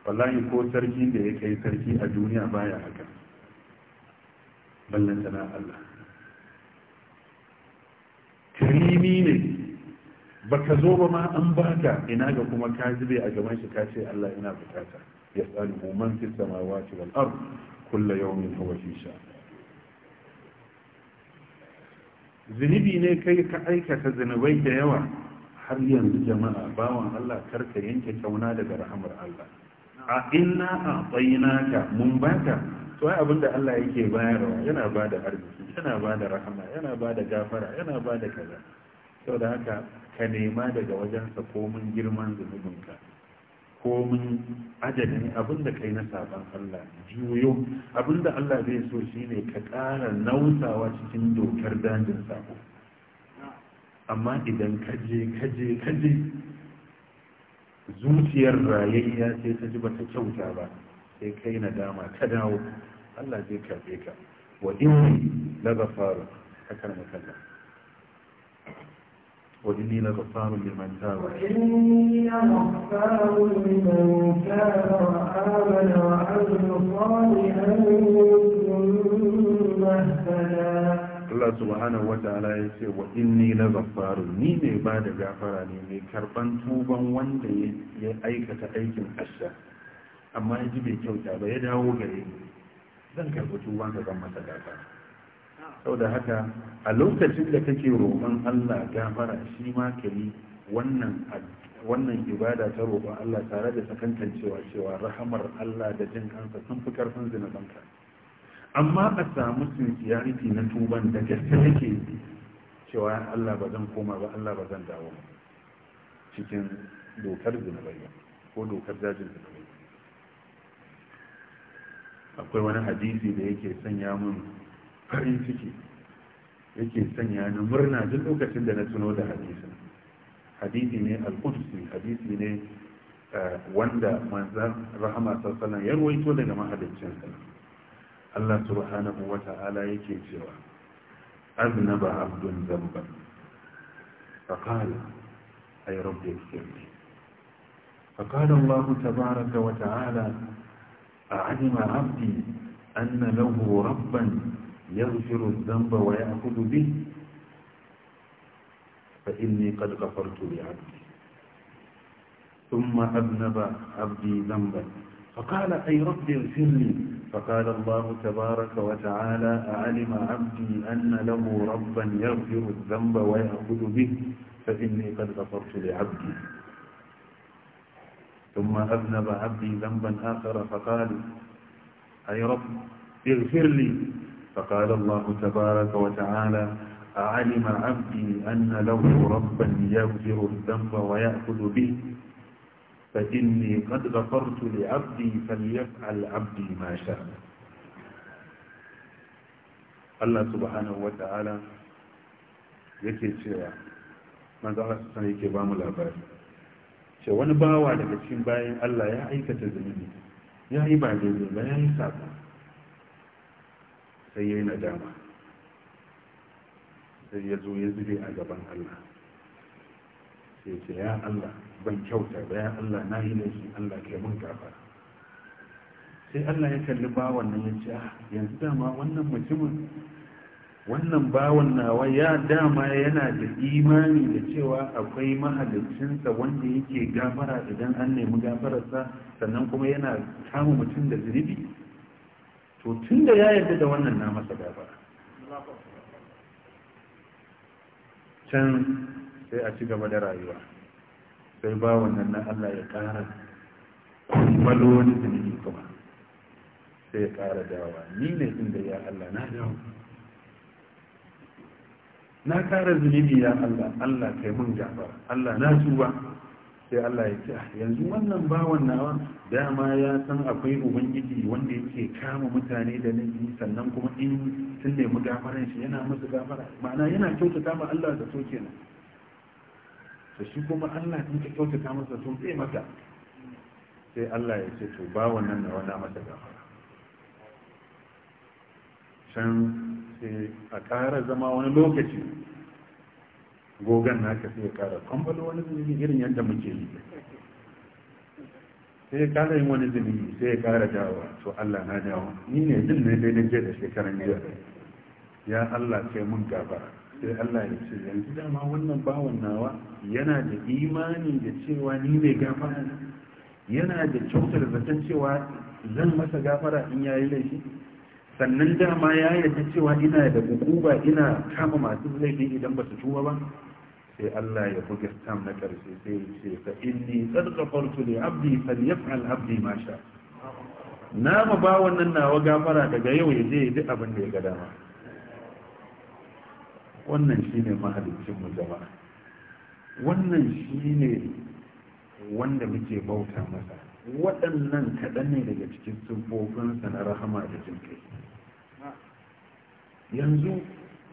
wallahi ko sarki da ya kai sarki a duniya baya haka na Allah karimi ne Ba ka zo ba ma an baka ina ga kuma ka zube a gaban shi ka ce Allah ina bukata yas'aluhu man fis samawati wal ard yau yawmin hawa fi sha zunubi ne kai ka aikata zunubai da yawa har yanzu jama'a bawan Allah karka yanke kauna daga rahamar Allah a inna a tsayinaka mun baka to ai abinda Allah yake bayarwa yana ba da arziki yana ba da rahama yana ba da gafara yana ba da kaza sau da haka ka nema daga wajensa komin girman zunubinka komin adadin abinda kai na saban Allah juyo abinda Allah zai so shine ka ƙara nausawa cikin dokar dajin sako amma idan kaje kaje kaje zuciyar rayayya sai ta ji bata kyauta ba sai kai na dama ka dawo Allah zai karbe ka wa inni la ghafaru hakan ne wa inni la ghafaru liman tawa inni la liman taba wa amana wa Allah subhanahu wa ta'ala ya ce wa inni la ghaffaru ni ne ba da gafara ne mai karban tuban wanda ya aikata aikin asha amma ya ji bai kyauta ba ya dawo gare ni zan karɓi tubansa zan masa gafara saboda haka a lokacin da kake roƙon Allah gafara shi ma ka yi wannan ibada ta roƙon Allah tare da sakantancewa cewa rahamar Allah da jin kansa sun fi karfin zinabanka amma a samu sincerity na tuban da gaske yake cewa Allah ba zan koma ba Allah ba zan dawo cikin dokar zinabai ko dokar jajin zinabai akwai wani hadisi da yake sanya mun farin ciki yake sanya ni murna duk lokacin da na tuno da hadisin hadisi ne al-qudsi hadisi ne eh, wanda manzan rahama sallallahu ya ruwaito daga mahaliccinsa Allah subhanahu wa ta'ala yake cewa aznaba abdun zamban فقال أي رب اغفر لي Allah tabaaraka wa ta'ala أعلم عبدي أن له ربا يغفر الذنب ويأخذ به فإني قد غفرت لعبدي ثم أذنب عبدي ذنبا فقال أي رب اغفر لي فقال الله تبارك وتعالى أعلم عبدي أن له ربا يغفر الذنب ويأخذ به فإني قد غفرت لعبدي ثم أذنب عبدي ذنبا آخر فقال أي رب اغفر لي فقال الله تبارك وتعالى أعلم عبدي أن له ربا يغفر الذنب ويأخذ به فإني قد غفرت لعبدي فليفعل عبدي ما شاء الله سبحانه وتعالى ta'ala شيئا ما manzo Allah sun العباد ce wani bawa daga cikin bayan Allah ya aikata zunubi ya yi ba daidai ba ya yi sabo sai ya yi nadama sai ya zo ya zube a gaban Allah sai ce ya Allah ban kyauta ba ya Allah na yi laifi Allah kai mun gafara sai Allah ya kalli bawan nan ya ce ah, yanzu dama wannan mutumin wannan bawan nawa ya dama yana da imani da cewa akwai mahalicinsa wanda yake gafara idan an nemi gafararsa sannan kuma yana kama mutum da zunubi to tun da ya yarda da wannan na masa gafara can sai a ci gaba da rayuwa sai bawan nan na Allah ya kara malo wani zunubi kuma sai ya kara dawa ni ne inda ya Allah na dawa. na kara zunubi ya Allah Allah kai mun gafara Allah na tuba sai Allah ya ce ah, yanzu wannan bawan nawa dama ya san akwai ubangiji wanda yake kama mutane da nabi sannan kuma in sun nemi gafaran shi yana musu gafara ma'ana yana kyautata ma Allah da so kenan to shi kuma Allah in ka kyautata masa so sai maka sai Allah ya ce to bawan nan nawa na masa gafara san sai a ƙara zama wani lokaci gogan naka sai ya ƙara kwambalo wani zunubi irin yadda muke yi sai ya ƙara yin wani zunubi sai ya ƙara dawa to Allah na dawa ni ne din ne daidai jiya da shekaran jiya ya Allah sai mun gaba sai Allah ya ce yanzu dama wannan bawan nawa yana da imani da cewa ni mai gafara yana da kyautar zaton cewa zan masa gafara in yayi laifi sannan dama ya yarda cewa ina da ba ina kama masu laifi idan ba su tuwa ba sai Allah ya buga sam na karshe sai ya ce fa inni qad ghafartu li abdi falyaf'al abdi ma sha na ma ba wannan nawa gafara daga yau ya je duk abin da ya ga dama wannan shine mahalicin mu jama'a wannan shine wanda muke bauta masa waɗannan kaɗan ne daga cikin siffofinsa na rahama da jinkai yanzu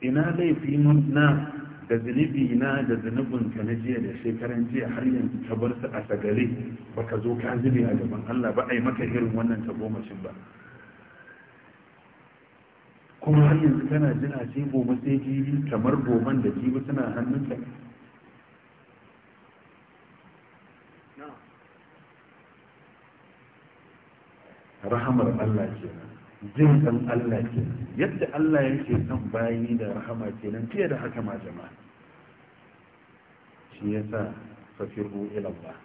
ina laifi na da zunubi na da zunubin ka na jiya da shekaran jiya har yanzu ta bar su a sagale baka zo ka zube a gaban Allah ba a yi maka irin wannan tagomashin ba kuma har yanzu kana jina ce goma sai jibi kamar goman da jibi suna hannunka rahamar Allah kenan jin san Allah ke yadda Allah yake son bayi da rahama kenan fiye da haka ma jama'a shi yasa fafiru ila Allah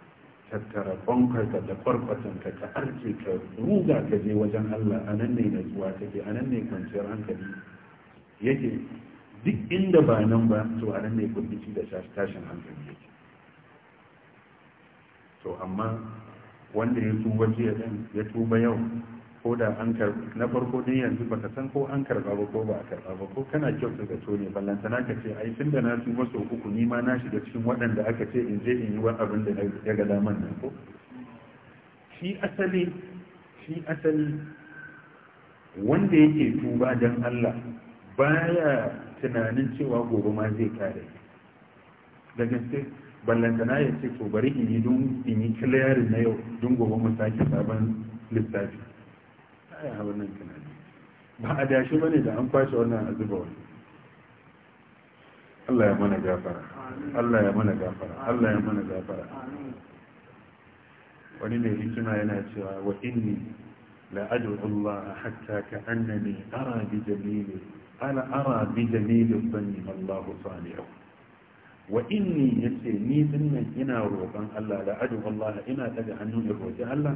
tattara bankarka da farfatanka ka arce ka ruga ka je wajen Allah a nan ne zuwa take a nan ne kwanciyar hankali yake duk inda ba nan ba to a nan ne kundici da tashin hankali yake to amma wanda ya tuba jiya ya tuba yau ko da an karɓi na farko din yanzu baka san ko an karɓa ba ko ba a karɓa ba ko kana kyautar da ne ballantana ka ce ai tun da na su maso uku ni ma na shiga cikin waɗanda aka ce in je in yi wani abin da ya ga daman nan ko shi asali shi asali wanda yake tuba don Allah baya tunanin cewa gobe ma zai kare da gaske ballantana ya ce to bari in yi don in yi na yau don gobe mu sake sabon lissafi baya wannan tunani ba a dashi bane da an kwashe wannan azuba wani Allah ya mana gafara Allah ya mana gafara Allah ya mana gafara wani mai hikima yana cewa wa inni la ad'u Allah hatta ka annani ara bi jamili ana ara bi jamili sanni Allah salihu wa inni yace ni dinnan ina roƙon Allah la ad'u Allah ina daga hannun da roƙi Allah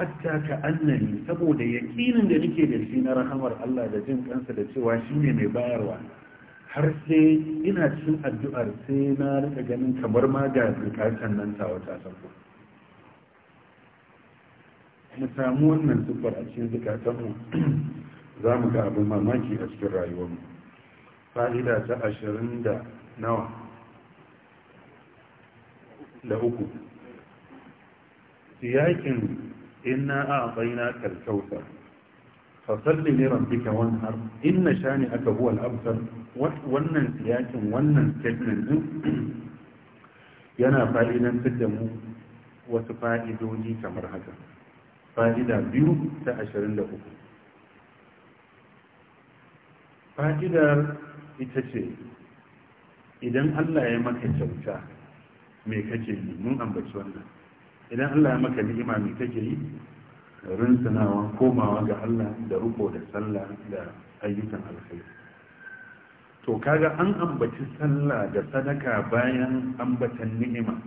hatta ka annani saboda yaƙinin da nake da shi na rahamar Allah da jin kansa da cewa shi ne mai bayarwa har sai ina cin addu'ar sai na rika ganin kamar ma ga nan ta wata sako mu samu wannan siffar a cikin zukatanmu za mu ga abin mamaki a cikin rayuwarmu fa'ida ta ashirin da nawa da uku siyakin inna a'tayna kal kautsar fasalli li rabbika wanhar inna aka huwal abtar wannan siyakin wannan statement din yana fa'idantar da mu wasu fa'idoji kamar haka fa'ida biyu ta ashirin da uku fa'idar ita ce idan allah ya maka kyauta mai kake yi mun ambaci wannan idan Allah ya maka ni'ima mai take yi rinsunawa komawa ga Allah da riko da sallah da ayyukan alkhairi to kaga an ambaci sallah da sadaka bayan ambatan ni'ima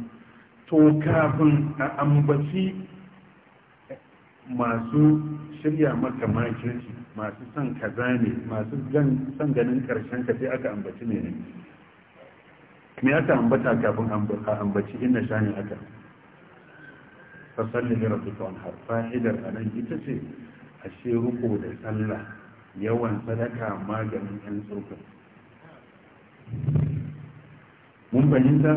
to kafin a ambaci masu shirya maka makirci masu son kaza ne masu son ganin karshen ka sai aka ambaci ne ne me aka ambata kafin a ambaci inna shani aka fasalli ne rabu ta har fa'idar a nan ita ce a ashe ruku da sallah yawan sadaka maganin yan tsokar mun fahimta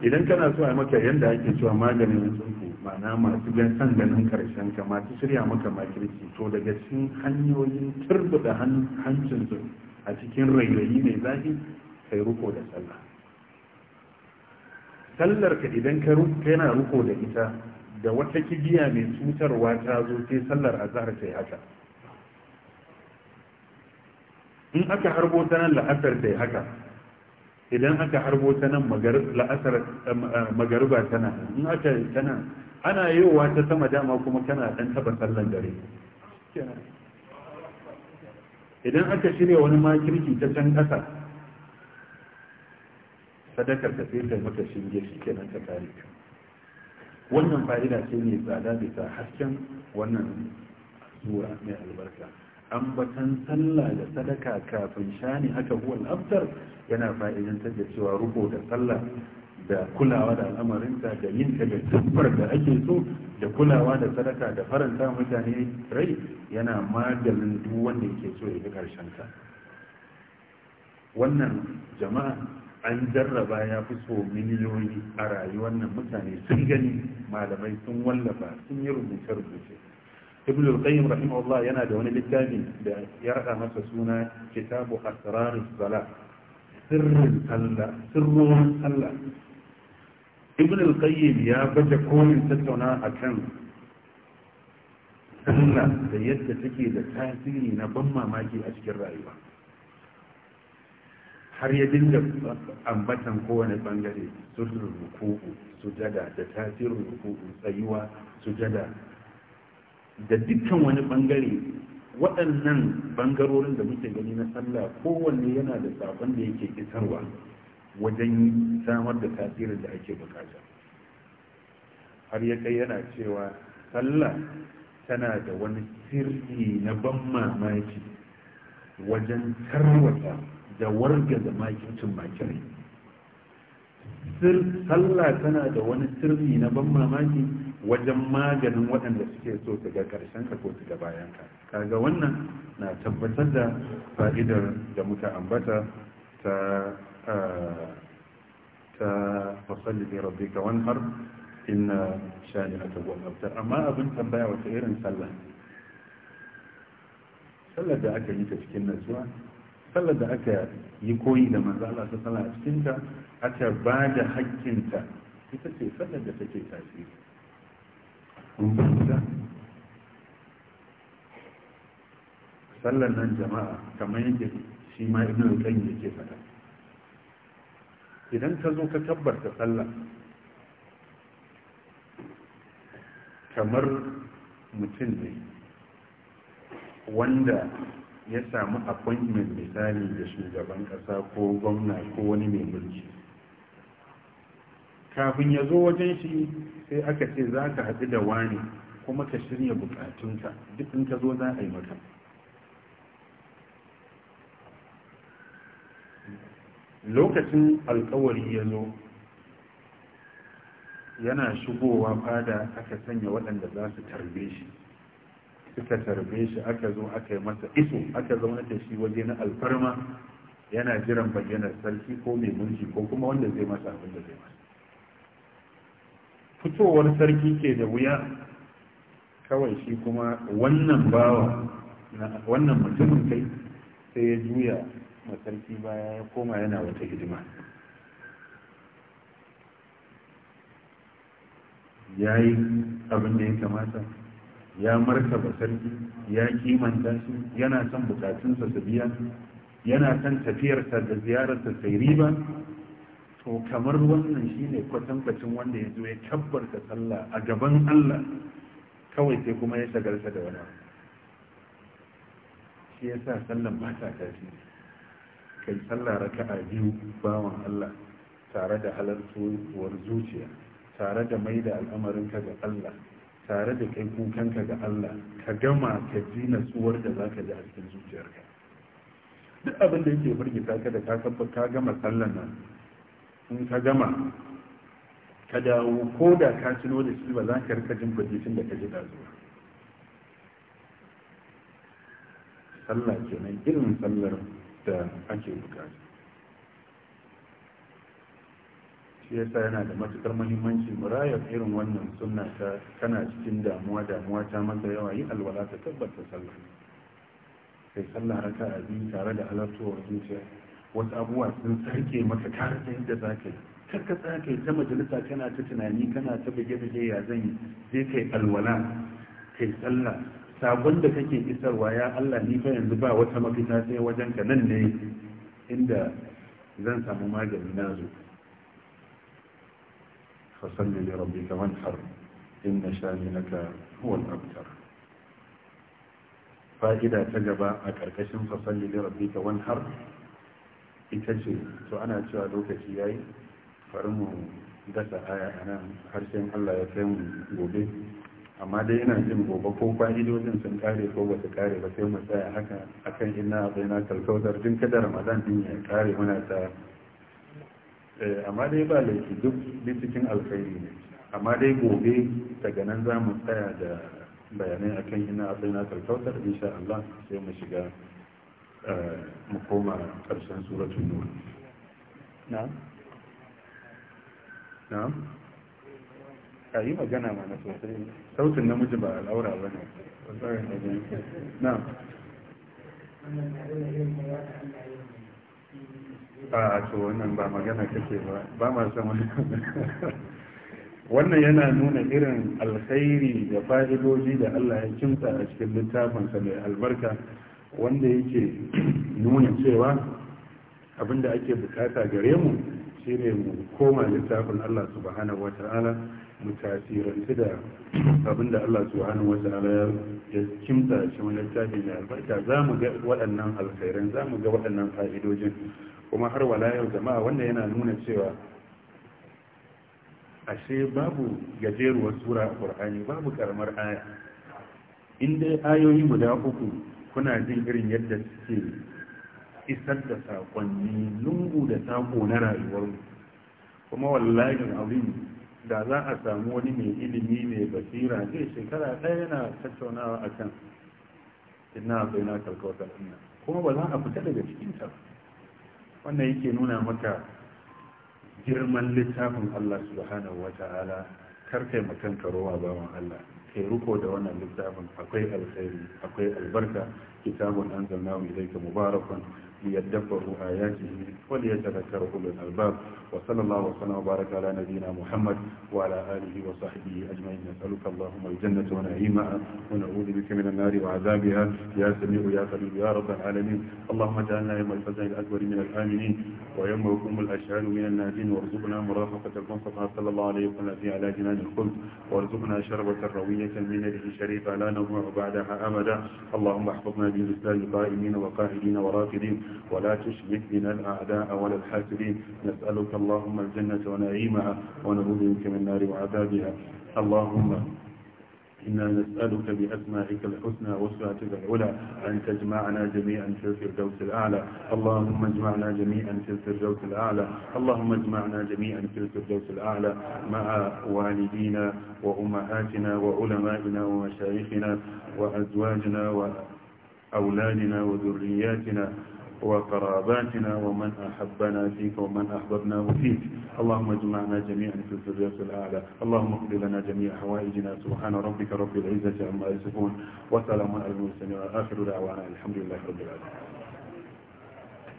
idan kana so a maka yadda ake cewa maganin yan tsokar ma'ana masu gan san ganin karshen ka masu shirya maka makirci to daga cikin hanyoyin turbuda hancin su a cikin rairayi mai zafi kai ruko da sallah sallar ka idan ka yana ruko da ita da wata kibiya mai cutarwa ta zo sai sallar azhar ta yi haka in aka harbo ta nan la'asar ta yi haka idan aka harbo ta nan magariba tana in aka tana ana yiwuwa ta sama dama kuma tana dan taba sallan dare idan aka shirya wani makirki ta can ƙasa sadakar ta sai ta mata shinge shi kenan ta tarihi wannan fa'ida ce mai tsada bisa hasken wannan sura mai albarka ambatan sallah da sadaka kafin shani haka huwal aftar yana fa'idantar da cewa ruko da sallah da kulawa da al'amarinta da yin ta da tabbar da ake so da kulawa da sadaka da faranta mutane rai yana maganin duk wanda yake so ya ga karshen ta wannan jama'a an jarraba ya fi so miliyoyi a rayuwar nan mutane sun gani malamai sun wallafa sun yi rubuce-rubuce ibn al-qayyim rahimahullah yana da wani littafi da ya raka masa suna kitabu asrar as-salat sirrin sallah sirrin sallah ibn al-qayyim ya baje kolin tattauna akan sallah da yadda take da tasiri na ban mamaki a cikin rayuwa har ya dinga ambatan kowane bangare rukuku su sujada da tasirin rukuku tsayuwa su sujada da dukkan wani bangare waɗannan bangarorin da muke gani na sallah kowanne yana da sabon da yake isarwa wajen samar da tasirin da ake bukata har ya kai yana cewa sallah tana da wani sirri na ban mamaki wajen tarwata da da makircin makirai sallah tana da wani sirri na ban mamaki wajen maganin waɗanda suke so su ga ƙarshen ka ko su ga bayan ka kaga wannan na tabbatar da fa'idar da muka ambata ta ta fasalli har rabbika wanhar inna a huwa abtar amma abin tambaya wata irin sallah Sallah da aka yi ta cikin natsuwa sallar da aka yi koyi da manzo Allah ta sallar a cikin ta aka ba da ta ita ce sallar da take tasiri sallar nan jama'a kamar yadda shi ma ibn qayyim yake faɗa idan ka zo ka tabbata sallar kamar mutum ne wanda ya samu appointment misali da shugaban kasa ko gwamna ko wani mai mulki kafin ya zo wajen shi sai aka ce za ka haɗu da wani kuma ka shirya bukatunka duk in ka zo za a yi maka lokacin alkawari ya zo yana shigowa fada aka sanya waɗanda za su tarbe shi suka tarbe shi aka zo aka yi masa iso aka zama da shi waje na alfarma yana jiran bayyanar sarki ko mai mulki ko kuma wanda zai masa abin da zai masa fitowar sarki ke da wuya kawai shi kuma wannan bawa wannan mutumin kai sai ya juya masarki baya ya koma yana wata hidima ya yi abin da ya kamata ya martaba sarki ya kimanta shi yana son bukatunsa su biya yana son tafiyarsa da ziyararsa sai riba to kamar wannan shine kwatankwacin wanda ya zo ya tabbarta sallah a gaban Allah kawai sai kuma ya shagarta da wani shi ya sa sallan ba ta tasiri kai sallah raka'a biyu bawan Allah tare da halartuwar zuciya tare da mai da ka ga Allah tare da kai kukanka ga Allah ka gama ka ji natsuwar da zaka ji a cikin zuciyarka duk abin da yake burge ka da ka ka gama sallan nan in ka gama ka dawo ko da ka tuno da shi ba za ka rika jin tun da ka ji da zuwa sallah kenan irin sallar da ake bukata shi yasa yana da matukar muhimmanci murayar irin wannan sunna ta kana cikin damuwa damuwa ta masa yawa yi alwala ta tabbata sallah sai sallah raka a biyu tare da halartowar zuciya wasu abubuwa sun sarke masa tare da yadda za ka yi ka tsaka ta majalisa kana ta tunani kana ta bige-bige ya zan yi zai kai alwala kai sallah sabon da kake isarwa ya Allah ni fa yanzu ba wata mafita sai ka nan ne inda zan samu magani na zuwa فصل لربك وانحر إن شانئك هو الأبتر فإذا تجب أكركش فصل لربك وانحر إتجي فأنا أتشاهدوك تياي فرمو dasa aya a nan harshen Allah ya kai mu gobe amma dai yana jin gobe ko fa'idodin sun kare ko ba kare ba sai mu tsaya haka akan ina bai kada ramadan din ya kare muna ta Eh, amma dai ba laifi duk cikin alkhairi ne amma dai gobe daga nan za mu tsaya da bayanai akan ina abin na karkautar insha Allah sai mu shiga eh, mu koma ƙarshen suratun nuna na? na? a yi magana mana sosai sautin namiji ba al'aura ba ne na? a to wannan ba magana kake ba ba ma san wannan yana nuna irin alkhairi da fa'idoji da Allah ya kimsa a cikin littafinsa mai albarka wanda yake nuna cewa abinda ake bukata gare mu shine mu koma littafin Allah subhanahu wata'ala mu tasirantu da abinda Allah subhanahu wata'ala ya kimsa a cikin littafin mai albarka za mu ga waɗannan alkhairan za mu ga waɗannan fa'idojin kuma har wala yau jama'a wanda yana nuna cewa ashe babu gajeruwar sura a ƙur'ani babu karamar aya in dai ayoyi guda uku kuna jin irin yadda suke isar da saƙonni lungu da sako na rayuwarmu kuma wallahi abin da za a samu wani mai ilimi mai basira zai shekara ɗaya yana tattaunawa a kan ina bai na kalkautar kuma ba za a fita daga cikin ta ba wannan yake nuna maka girman littafin Allah subhanahu wa ta'ala karkai makanka rawa, bawan Allah kai riko da wannan littafin akwai alkhairi akwai albarka kitabun anzalnahu ilayka mubarakun ليدبروا آياته وليتذكروا أولو الألباب وصلى الله وسلم وبارك على نبينا محمد وعلى آله وصحبه أجمعين نسألك اللهم الجنة ونعيمها ونعوذ بك من النار وعذابها يا سميع يا قريب يا رب العالمين اللهم اجعلنا يوم الفزع الأكبر من الآمنين ويوم يقوم الأشهاد من الناجين وارزقنا مرافقة المصطفى صلى الله عليه وسلم في على جنان الخلد وارزقنا شربة روية من يده شريفة لا نضمع بعدها أبدا اللهم احفظنا بالإسلام قائمين وقاعدين ورافدين ولا تشبك بنا الأعداء ولا الحاسدين نسألك اللهم الجنة ونعيمها ونعوذ بك من نار وعذابها اللهم إنا نسألك بأسمائك الحسنى وصفاتك العلى أن تجمعنا جميعا في الفردوس الأعلى اللهم اجمعنا جميعا في الفردوس الأعلى اللهم اجمعنا جميعا في الفردوس الأعلى مع والدينا وأمهاتنا وعلمائنا ومشايخنا وأزواجنا وأولادنا وذرياتنا وقراباتنا ومن أحبنا فيك ومن أحببناه فيك اللهم اجمعنا جميعا في الفردوس الأعلى اللهم اقضي لنا جميع حوائجنا سبحان ربك رب العزة عما يصفون وسلام على المرسلين وآخر دعوانا الحمد لله رب العالمين